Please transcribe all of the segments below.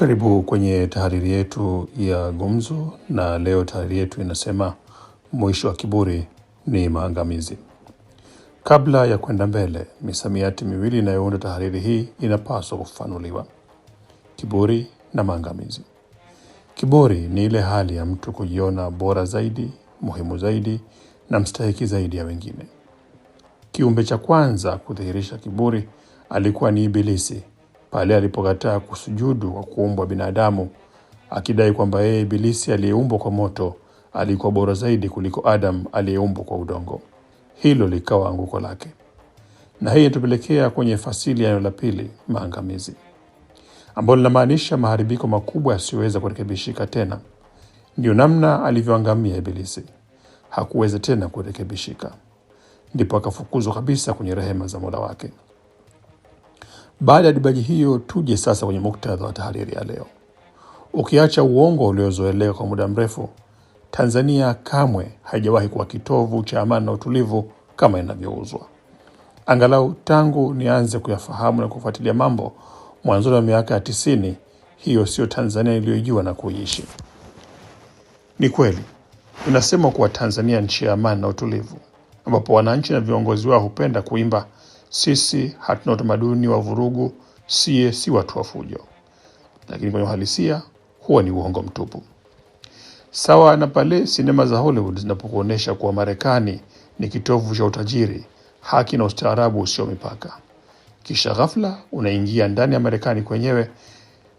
Karibu kwenye tahariri yetu ya Gumzo, na leo tahariri yetu inasema mwisho wa kiburi ni maangamizi. Kabla ya kwenda mbele, misamiati miwili inayounda tahariri hii inapaswa kufafanuliwa: kiburi na maangamizi. Kiburi ni ile hali ya mtu kujiona bora zaidi, muhimu zaidi na mstahiki zaidi ya wengine. Kiumbe cha kwanza kudhihirisha kiburi alikuwa ni Ibilisi, pale alipokataa kusujudu kwa kuumbwa binadamu, akidai kwamba yeye Ibilisi aliyeumbwa kwa moto alikuwa bora zaidi kuliko Adam aliyeumbwa kwa udongo. Hilo likawa anguko lake, na hii inatupelekea kwenye fasili ya eneo la pili, maangamizi, ambalo linamaanisha maharibiko makubwa yasiyoweza kurekebishika tena. Ndiyo namna alivyoangamia Ibilisi, hakuweza tena kurekebishika, ndipo akafukuzwa kabisa kwenye rehema za Mola wake. Baada ya dibaji hiyo, tuje sasa kwenye muktadha wa tahariri ya leo. Ukiacha uongo uliozoelea kwa muda mrefu, Tanzania kamwe haijawahi kuwa kitovu cha amani na utulivu kama inavyouzwa. Angalau tangu nianze kuyafahamu na kufuatilia mambo mwanzoni wa miaka ya tisini, hiyo sio Tanzania iliyojua na kuiishi. Ni kweli inasema kuwa Tanzania nchi ya amani na utulivu, ambapo wananchi na viongozi wao hupenda kuimba sisi hatuna utamaduni wa vurugu, sie si watu wa fujo, lakini kwenye uhalisia huwa ni uongo mtupu. Sawa na pale sinema za Hollywood zinapokuonyesha kuwa Marekani ni kitovu cha utajiri, haki na ustaarabu usio mipaka, kisha ghafla unaingia ndani ya Marekani kwenyewe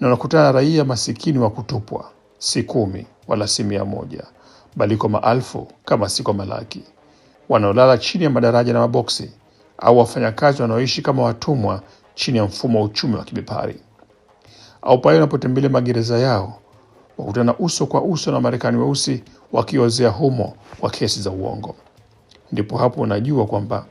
na unakutana na raia masikini wa kutupwa, si kumi wala si mia moja, bali kwa maalfu kama si kwa malaki, wanaolala chini ya madaraja na maboksi au wafanyakazi wanaoishi kama watumwa chini ya mfumo wa uchumi wa kibepari, au pale wanapotembelea magereza yao wakutana uso kwa uso na Wamarekani weusi wakiozea humo kwa kesi za uongo. Ndipo hapo unajua kwamba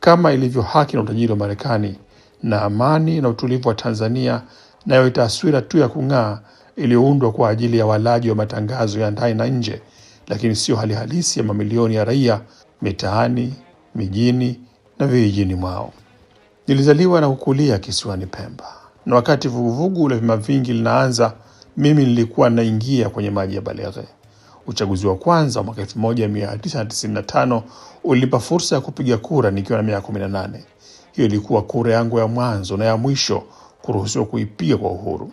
kama ilivyo haki na utajiri wa Marekani na amani na utulivu wa Tanzania, nayo taswira tu ya kung'aa iliyoundwa kwa ajili ya walaji wa matangazo ya ndani na nje, lakini sio hali halisi ya mamilioni ya raia mitaani, mijini na vijijini mwao. Nilizaliwa na kukulia kisiwani Pemba, na wakati vuguvugu la vyama vingi linaanza, mimi nilikuwa naingia kwenye maji ya Baleghe. Uchaguzi wa kwanza mwaka 1995 ulinipa fursa ya kupiga kura nikiwa na miaka 18. Hiyo ilikuwa kura yangu ya mwanzo na ya mwisho kuruhusiwa kuipiga kwa uhuru.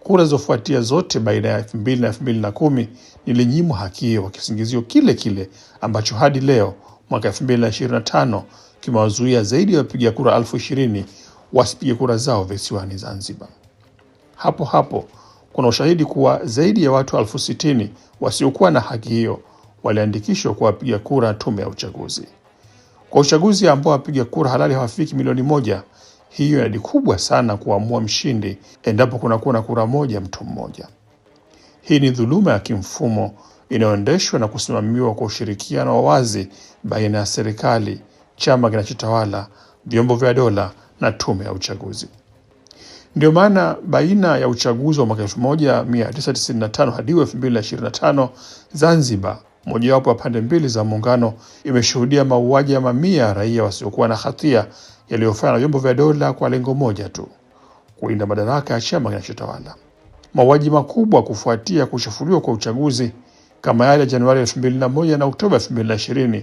Kura zilizofuatia zote baina ya 2000 na 2010 nilinyimwa haki hiyo kwa kisingizio kile kile ambacho hadi leo mwaka 2025 kimewazuia zaidi ya wapiga kura elfu ishirini wasipige kura zao visiwani Zanzibar. Hapo hapo kuna ushahidi kuwa zaidi ya watu elfu sitini wasiokuwa na haki hiyo waliandikishwa kuwa wapiga kura tume ya uchaguzi. Kwa uchaguzi ambao wapiga kura halali hawafiki milioni moja, hiyo idadi kubwa sana kuamua mshindi endapo kunakuwa na kura moja mtu mmoja. Hii ni dhuluma ya kimfumo inayoendeshwa na kusimamiwa kwa ushirikiano wa wazi baina ya serikali chama kinachotawala, vyombo vya dola na tume ya uchaguzi. Ndio maana baina ya uchaguzi wa mwaka 1995 hadi 2025, Zanzibar, mojawapo ya pande mbili za muungano, imeshuhudia mauaji ya mamia ya raia wasiokuwa na hatia yaliyofanywa na vyombo vya dola kwa lengo moja tu, kulinda madaraka ya chama kinachotawala. Mauaji makubwa kufuatia kuchafuliwa kwa uchaguzi kama yale ya Januari 2001 na Oktoba 2020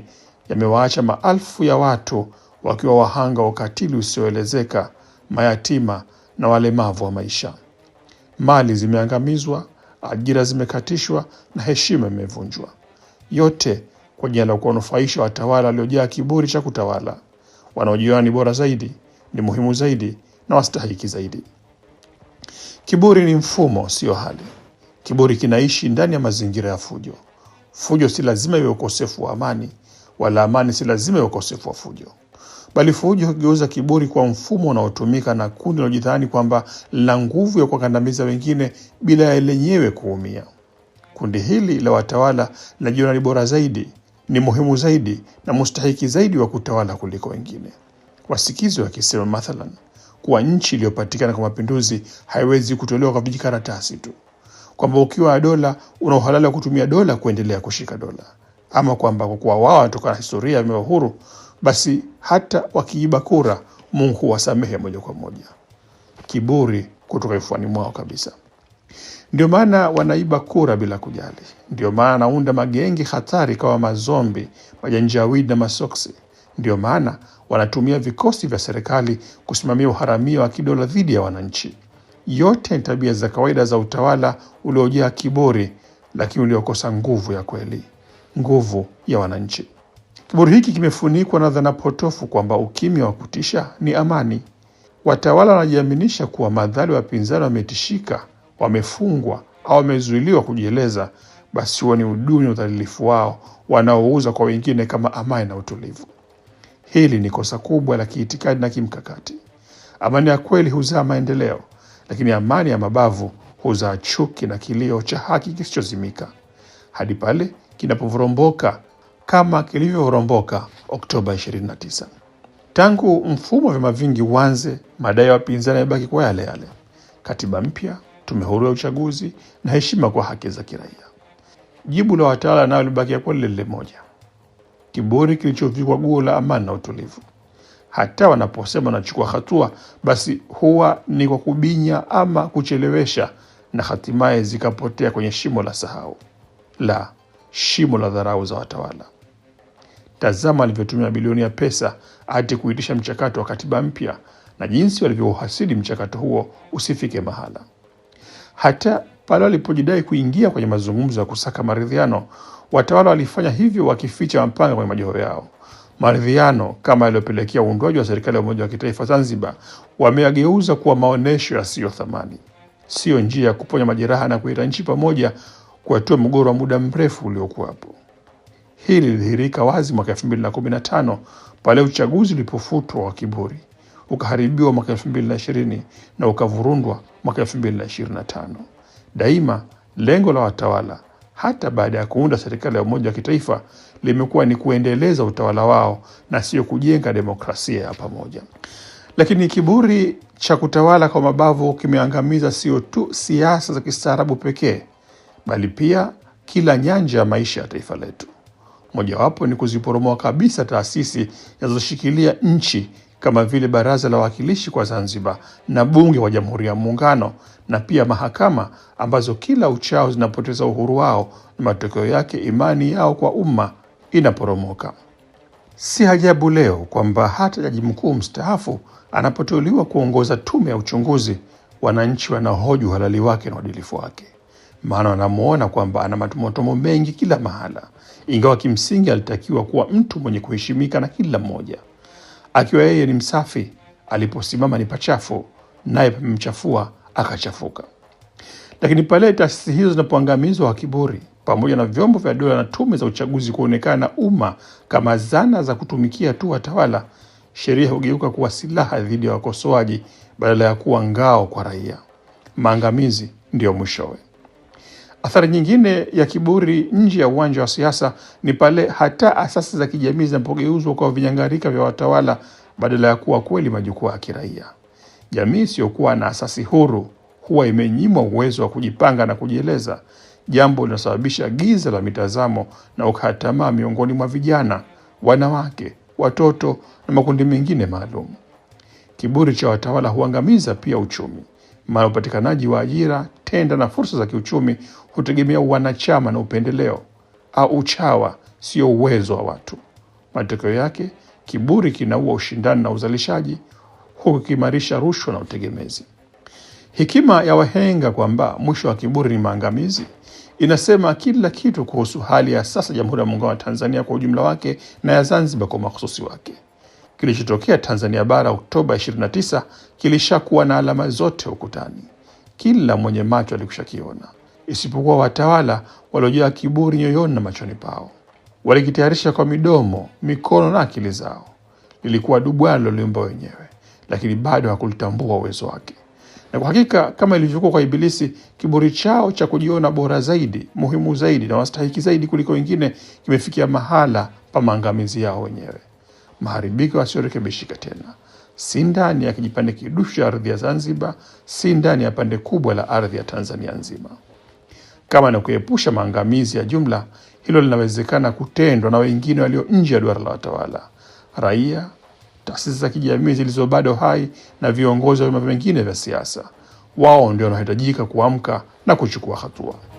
yamewaacha maelfu ya watu wakiwa wahanga wa ukatili usioelezeka, mayatima na walemavu wa maisha. Mali zimeangamizwa, ajira zimekatishwa na heshima imevunjwa, yote kwa jina la kuwanufaisha watawala waliojaa kiburi cha kutawala, wanaojiona ni bora zaidi, ni muhimu zaidi na wastahiki zaidi. Kiburi ni mfumo, sio hali. Kiburi kinaishi ndani ya mazingira ya fujo. Fujo si lazima iwe ukosefu wa amani, wala amani si lazima ya ukosefu wa fujo, bali fujo hugeuza kiburi kwa mfumo unaotumika na kundi linalojidhani kwamba lina nguvu ya kuwakandamiza wengine bila ya lenyewe kuumia. Kundi hili la watawala linajiona ni bora zaidi, ni muhimu zaidi na mustahiki zaidi wa kutawala kuliko wengine. Wasikizi wakisema mathalan kuwa nchi iliyopatikana kwa mapinduzi haiwezi kutolewa kwa vijikaratasi tu, kwamba ukiwa dola una uhalali wa kutumia dola kuendelea kushika dola, ama kwamba kwa kuwa wao wanatoka na historia ya uhuru, basi hata wakiiba kura Mungu huwasamehe moja kwa moja. Kiburi kutoka ifuani mwao kabisa. Ndio maana wanaiba kura bila kujali. Ndio maana wanaunda magengi hatari kama mazombi, majanjawidi na masoksi. Ndio maana wanatumia vikosi vya serikali kusimamia uharamia wa kidola dhidi ya wananchi. Yote ni tabia za kawaida za utawala uliojaa kiburi, lakini uliokosa nguvu ya kweli nguvu ya wananchi. Kiburi hiki kimefunikwa na dhana potofu kwamba ukimya wa kutisha ni amani. Watawala wanajiaminisha kuwa madhali wapinzani wametishika, wamefungwa au wamezuiliwa kujieleza, basi huo ni udumi na udhalilifu wao wanaouza kwa wengine kama amani na utulivu. Hili ni kosa kubwa la kiitikadi na kimkakati. Amani ya kweli huzaa maendeleo, lakini amani ya mabavu huzaa chuki na kilio cha haki kisichozimika hadi pale kinapovoromboka kama kilivyovoromboka Oktoba 29. Tangu mfumo wa vyama vingi uanze, madai ya wapinzani yamebaki kwa yale yale: katiba mpya, tume huru ya uchaguzi na heshima kwa haki za kiraia. Jibu la watawala nayo libaki kwa lile lile moja, kiburi kilichovikwa guo la amani na utulivu. Hata wanaposema wanachukua hatua, basi huwa ni kwa kubinya ama kuchelewesha, na hatimaye zikapotea kwenye shimo la sahau la shimo la dharau za watawala. Tazama alivyotumia mabilioni ya pesa hadi kuitisha mchakato wa katiba mpya na jinsi walivyouhasidi mchakato huo usifike mahala. Hata pale walipojidai kuingia kwenye mazungumzo ya kusaka maridhiano, watawala walifanya hivyo wakificha mapanga kwenye majoho yao. Maridhiano kama yaliyopelekea uundwaji wa serikali ya umoja wa kitaifa Zanzibar wameyageuza kuwa maonyesho yasiyo thamani, siyo njia ya kuponya majeraha na kuleta nchi pamoja kuatua mgogoro wa muda mrefu uliokuwapo. Hili lilidhihirika wazi mwaka 2015 pale uchaguzi ulipofutwa wa kiburi ukaharibiwa mwaka 2020 na ukavurundwa mwaka 2025. Daima lengo la watawala hata baada ya kuunda serikali ya umoja wa kitaifa limekuwa ni kuendeleza utawala wao na sio kujenga demokrasia ya pamoja. Lakini kiburi cha kutawala kwa mabavu kimeangamiza sio tu siasa za kistaarabu pekee, bali pia kila nyanja ya maisha ya taifa letu. Mojawapo ni kuziporomoa kabisa taasisi zinazoshikilia nchi kama vile Baraza la Wawakilishi kwa Zanzibar na Bunge wa Jamhuri ya Muungano, na pia mahakama ambazo kila uchao zinapoteza uhuru wao na matokeo yake imani yao kwa umma inaporomoka. Si ajabu leo kwamba hata jaji mkuu mstaafu anapoteuliwa kuongoza tume ya uchunguzi, wananchi wanahoji uhalali wake na uadilifu wake maana wanamwona kwamba ana matumotomo mengi kila mahala, ingawa kimsingi alitakiwa kuwa mtu mwenye kuheshimika na kila mmoja. Akiwa yeye ni msafi, aliposimama ni pachafu, naye pamemchafua akachafuka. Lakini pale taasisi hizo zinapoangamizwa kwa kiburi, pamoja na vyombo vya dola na tume za uchaguzi kuonekana na umma kama zana za kutumikia tu watawala, sheria hugeuka kuwa silaha dhidi ya wakosoaji badala ya kuwa ngao kwa raia. Maangamizi ndiyo mwishowe. Athari nyingine ya kiburi nje ya uwanja wa siasa ni pale hata asasi za kijamii zinapogeuzwa kwa vinyangarika vya watawala badala ya kuwa kweli majukwaa ya kiraia. Jamii isiyokuwa na asasi huru huwa imenyimwa uwezo wa kujipanga na kujieleza, jambo linasababisha giza la mitazamo na ukatamaa miongoni mwa vijana, wanawake, watoto na makundi mengine maalum. Kiburi cha watawala huangamiza pia uchumi mara upatikanaji wa ajira, tenda na fursa za kiuchumi hutegemea wanachama na upendeleo au uchawa, sio uwezo wa watu. Matokeo yake, kiburi kinaua ushindani na uzalishaji, huku kikiimarisha rushwa na utegemezi. Hekima ya wahenga kwamba mwisho wa kiburi ni maangamizi inasema kila kitu kuhusu hali ya sasa Jamhuri ya Muungano wa Tanzania kwa ujumla wake na ya Zanzibar kwa mahususi wake kilichotokea Tanzania bara Oktoba 29 kilishakuwa na alama zote ukutani. Kila mwenye macho alikushakiona, isipokuwa watawala waliojaa kiburi nyoyoni na machoni pao. Walikitayarisha kwa midomo, mikono na akili zao. Lilikuwa dubwana liloliumba wenyewe, lakini bado hakulitambua uwezo wake. Na kwa hakika, kama ilivyokuwa kwa Ibilisi, kiburi chao cha kujiona bora zaidi, muhimu zaidi na wastahiki zaidi kuliko wengine kimefikia mahala pa maangamizi yao wenyewe maharibiko yasiyorekebishika tena, si ndani ya kijipande kidushu cha ardhi ya Zanzibar, si ndani ya pande kubwa la ardhi ya Tanzania nzima. Kama na kuepusha maangamizi ya jumla, hilo linawezekana kutendwa na wengine walio nje ya duara la watawala, raia, taasisi za kijamii zilizo bado hai na viongozi wa vyama vingine vya siasa. Wao ndio wanahitajika kuamka na kuchukua hatua.